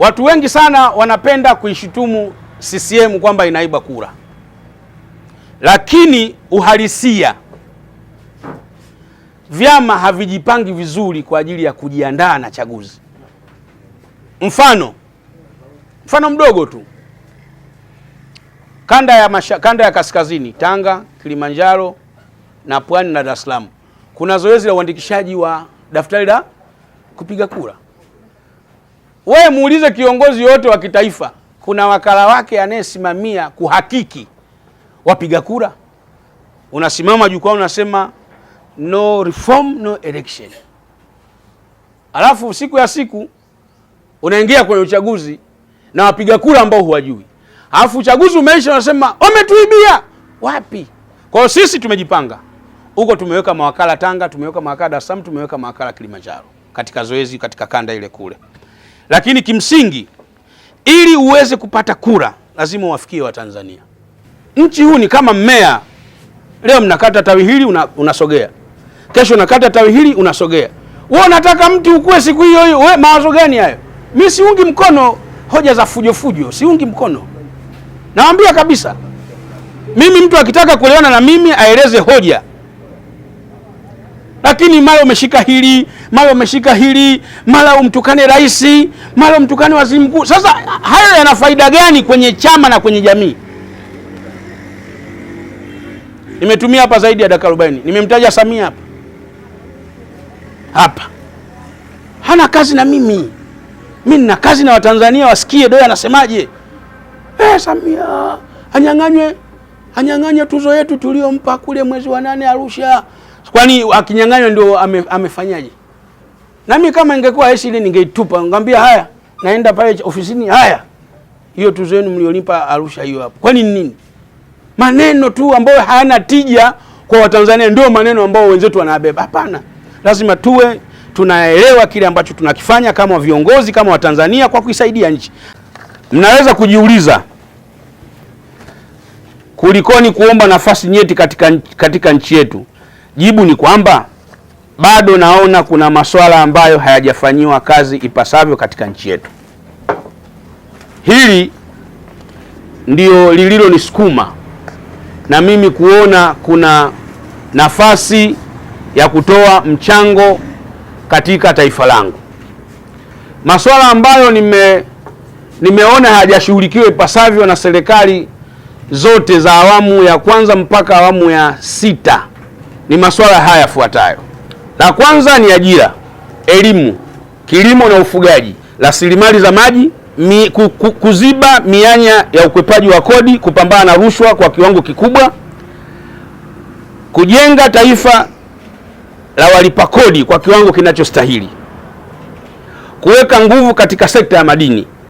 Watu wengi sana wanapenda kuishutumu CCM kwamba inaiba kura, lakini uhalisia, vyama havijipangi vizuri kwa ajili ya kujiandaa na chaguzi. Mfano, mfano mdogo tu, kanda ya masha, kanda ya kaskazini, Tanga, Kilimanjaro na Pwani na Dar es Salaam, kuna zoezi la uandikishaji wa daftari la kupiga kura. Wewe muulize kiongozi yote wa kitaifa, kuna wakala wake anayesimamia kuhakiki wapiga kura. Unasimama jukwaa unasema no reform no election, alafu siku ya siku unaingia kwenye uchaguzi na wapiga kura ambao huwajui, alafu uchaguzi umeisha, unasema wametuibia. Wapi? Kwa hiyo sisi tumejipanga huko, tumeweka mawakala Tanga, tumeweka mawakala Dar es Salaam, tumeweka mawakala Kilimanjaro katika zoezi katika kanda ile kule. Lakini kimsingi ili uweze kupata kura lazima uwafikie Watanzania. Nchi huu ni kama mmea, leo mnakata tawi hili una, unasogea, kesho unakata tawi hili unasogea. Wewe unataka mti ukue siku hiyo hiyo, wewe mawazo gani hayo? Mimi siungi mkono hoja za fujo fujo, siungi mkono, nawaambia kabisa. Mimi mtu akitaka kuelewana na mimi aeleze hoja lakini mara umeshika hili, mara umeshika hili, mara umtukane rais, mara umtukane waziri mkuu. Sasa hayo yana faida gani kwenye chama na kwenye jamii? Nimetumia hapa zaidi ya dakika arobaini, nimemtaja Samia hapa hapa, hana kazi na mimi, mi nina kazi na Watanzania wasikie Doya anasemaje. Eh, Samia anyang'anywe, anyang'anywe tuzo yetu tuliyompa kule mwezi wa nane Arusha kwani akinyang'anywa ndio ame, amefanyaje? Nami kama ingekuwa heshi ile ningeitupa, ngambia haya, naenda pale ofisini, haya hiyo tuzo yenu mlionipa Arusha hiyo hapo. Kwani nini? Maneno tu ambayo hayana tija kwa Watanzania ndio maneno ambayo wenzetu wanabeba. Hapana, lazima tuwe tunaelewa kile ambacho tunakifanya kama viongozi kama Watanzania kwa kuisaidia nchi. Mnaweza kujiuliza kulikoni kuomba nafasi nyeti katika, katika nchi yetu Jibu ni kwamba bado naona kuna masuala ambayo hayajafanyiwa kazi ipasavyo katika nchi yetu. Hili ndio lililonisukuma na mimi kuona kuna nafasi ya kutoa mchango katika taifa langu. Masuala ambayo nime nimeona hayajashughulikiwa ipasavyo na serikali zote za awamu ya kwanza mpaka awamu ya sita ni masuala haya yafuatayo. La kwanza ni ajira, elimu, kilimo na ufugaji, rasilimali za maji mi, ku, ku, kuziba mianya ya ukwepaji wa kodi, kupambana na rushwa kwa kiwango kikubwa, kujenga taifa la walipa kodi kwa kiwango kinachostahili, kuweka nguvu katika sekta ya madini.